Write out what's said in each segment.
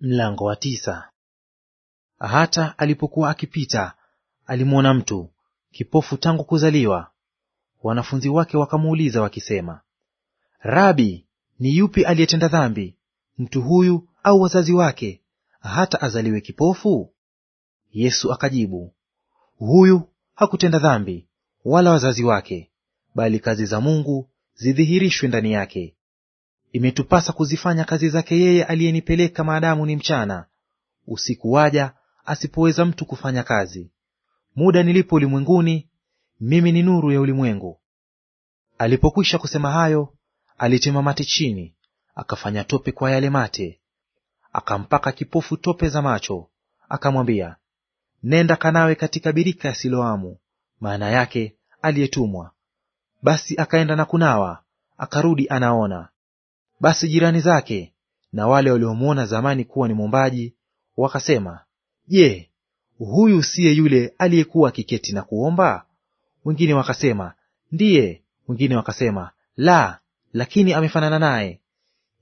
Mlango wa tisa. Hata alipokuwa akipita alimwona mtu kipofu tangu kuzaliwa. Wanafunzi wake wakamuuliza wakisema, Rabi, ni yupi aliyetenda dhambi, mtu huyu au wazazi wake, hata azaliwe kipofu? Yesu akajibu, huyu hakutenda dhambi wala wazazi wake, bali kazi za Mungu zidhihirishwe ndani yake. Imetupasa kuzifanya kazi zake yeye aliyenipeleka, maadamu ni mchana. Usiku waja, asipoweza mtu kufanya kazi. Muda nilipo ulimwenguni, mimi ni nuru ya ulimwengu. Alipokwisha kusema hayo, alitema mate chini, akafanya tope kwa yale mate, akampaka kipofu tope za macho, akamwambia, nenda kanawe katika birika ya Siloamu, maana yake aliyetumwa. Basi akaenda na kunawa, akarudi anaona. Basi jirani zake na wale waliomwona zamani kuwa ni mwombaji wakasema, Je, huyu siye yule aliyekuwa akiketi na kuomba? Wengine wakasema, ndiye. Wengine wakasema, la, lakini amefanana naye.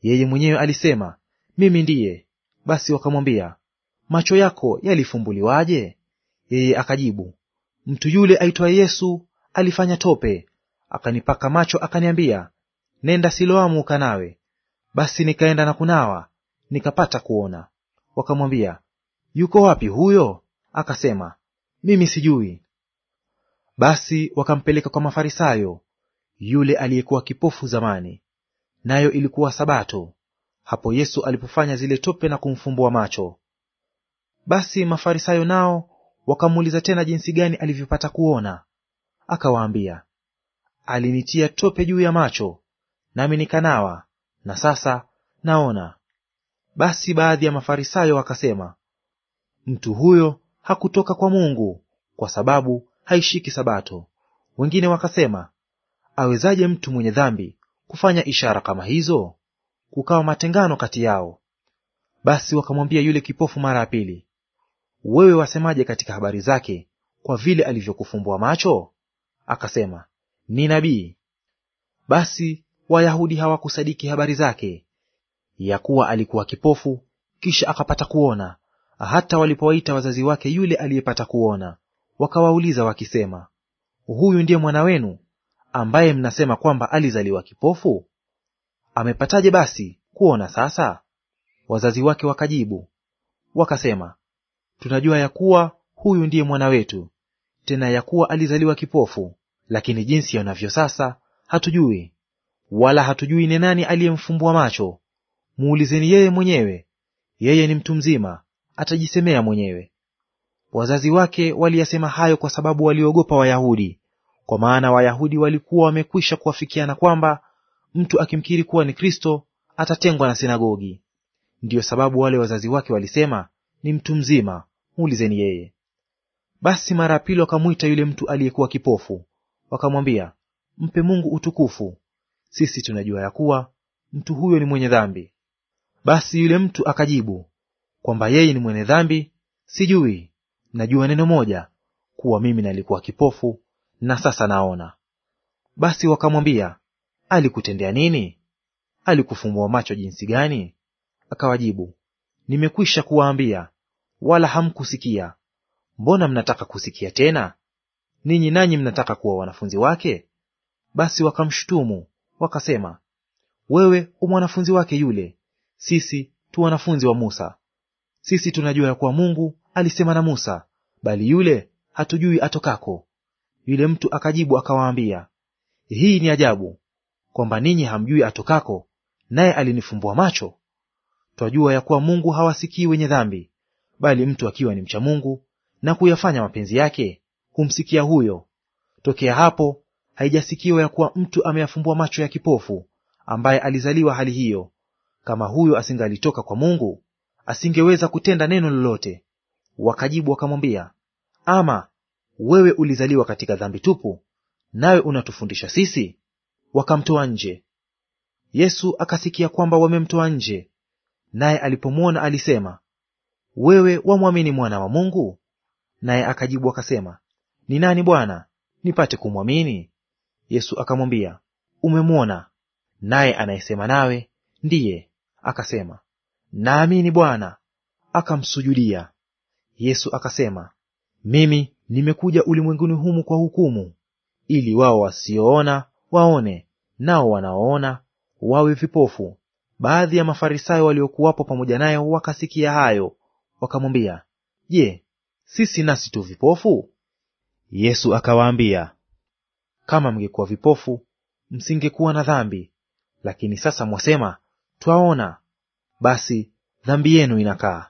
Yeye mwenyewe alisema, mimi ndiye. Basi wakamwambia, macho yako yalifumbuliwaje? Yeye akajibu, mtu yule aitwaye Yesu alifanya tope, akanipaka macho, akaniambia, nenda Siloamu ukanawe. Basi nikaenda na kunawa, nikapata kuona. Wakamwambia, yuko wapi huyo? Akasema, mimi sijui. Basi wakampeleka kwa Mafarisayo yule aliyekuwa kipofu zamani, nayo ilikuwa Sabato, hapo Yesu alipofanya zile tope na kumfumbua macho. Basi Mafarisayo nao wakamuuliza tena jinsi gani alivyopata kuona. Akawaambia, alinitia tope juu ya macho, nami nikanawa, na sasa naona. Basi baadhi ya Mafarisayo wakasema, mtu huyo hakutoka kwa Mungu, kwa sababu haishiki Sabato. Wengine wakasema, awezaje mtu mwenye dhambi kufanya ishara kama hizo? Kukawa matengano kati yao. Basi wakamwambia yule kipofu mara ya pili, wewe wasemaje katika habari zake, kwa vile alivyokufumbua macho? Akasema, ni nabii. Basi Wayahudi hawakusadiki habari zake, ya kuwa alikuwa kipofu kisha akapata kuona, hata walipowaita wazazi wake yule aliyepata kuona, wakawauliza wakisema, huyu ndiye mwana wenu ambaye mnasema kwamba alizaliwa kipofu? Amepataje basi kuona sasa? Wazazi wake wakajibu wakasema, tunajua ya kuwa huyu ndiye mwana wetu, tena ya kuwa alizaliwa kipofu, lakini jinsi yanavyo sasa hatujui wala hatujui ni nani aliyemfumbua macho. Muulizeni yeye mwenyewe, yeye ni mtu mzima, atajisemea mwenyewe. Wazazi wake waliyasema hayo kwa sababu waliogopa Wayahudi, kwa maana Wayahudi walikuwa wamekwisha kuwafikiana kwamba mtu akimkiri kuwa ni Kristo atatengwa na sinagogi. Ndiyo sababu wale wazazi wake walisema, ni mtu mzima, muulizeni yeye. Basi mara ya pili wakamwita yule mtu aliyekuwa kipofu, wakamwambia, mpe Mungu utukufu, sisi tunajua ya kuwa mtu huyo ni mwenye dhambi. Basi yule mtu akajibu kwamba yeye ni mwenye dhambi sijui, najua neno moja, kuwa mimi nalikuwa kipofu na sasa naona. Basi wakamwambia, alikutendea nini? Alikufumbua macho jinsi gani? Akawajibu, nimekwisha kuwaambia, wala hamkusikia. Mbona mnataka kusikia tena? Ninyi nanyi mnataka kuwa wanafunzi wake? Basi wakamshutumu Wakasema, wewe u mwanafunzi wake yule, sisi tu wanafunzi wa Musa. Sisi tunajua ya kuwa Mungu alisema na Musa, bali yule hatujui atokako. Yule mtu akajibu akawaambia, hii ni ajabu kwamba ninyi hamjui atokako, naye alinifumbua macho. Twajua ya kuwa Mungu hawasikii wenye dhambi, bali mtu akiwa ni mcha Mungu na kuyafanya mapenzi yake humsikia huyo. Tokea hapo haijasikiwa ya kuwa mtu ameyafumbua macho ya kipofu ambaye alizaliwa hali hiyo. Kama huyo asingalitoka kwa Mungu, asingeweza kutenda neno lolote. Wakajibu wakamwambia, ama wewe ulizaliwa katika dhambi tupu, nawe unatufundisha sisi? Wakamtoa nje. Yesu akasikia kwamba wamemtoa nje, naye alipomwona alisema, wewe wamwamini mwana wa Mungu? Naye akajibu akasema, ni nani Bwana, nipate kumwamini? Yesu akamwambia, umemwona naye anayesema nawe ndiye. Akasema, naamini Bwana, akamsujudia. Yesu akasema, mimi nimekuja ulimwenguni humu kwa hukumu, ili wao wasioona waone, nao wanaoona wawe vipofu. Baadhi ya Mafarisayo waliokuwapo pamoja naye wakasikia hayo, wakamwambia, Je, sisi nasi tu vipofu? Yesu akawaambia, kama mngekuwa vipofu, msingekuwa na dhambi, lakini sasa mwasema, twaona; basi dhambi yenu inakaa.